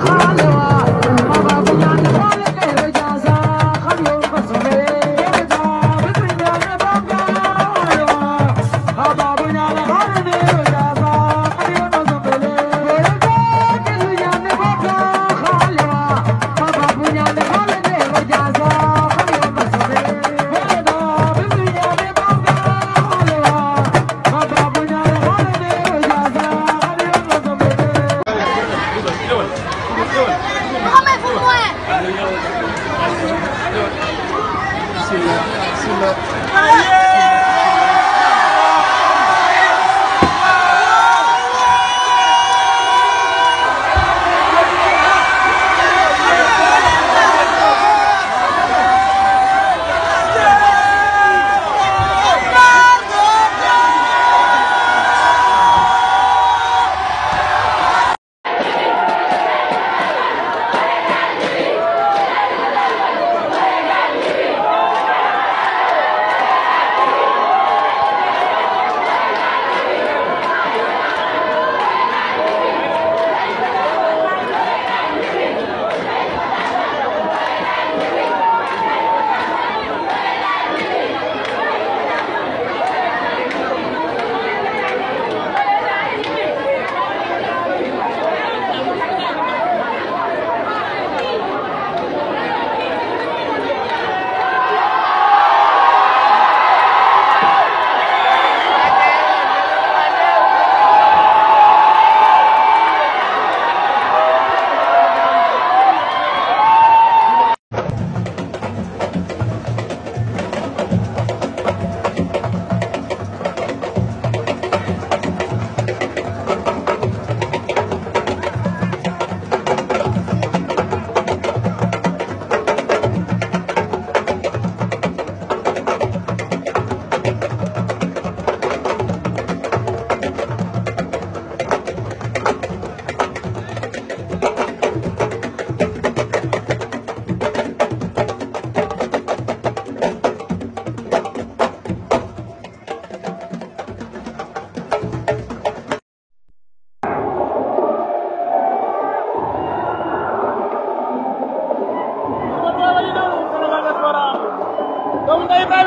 خالوا بابا 怎么没父母哎？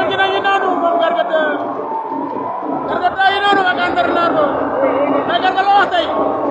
Burkina ngi noonu moom Gargata Gargata yi noonu ak entraîneur anu, anu. ba mais Garga la wax tey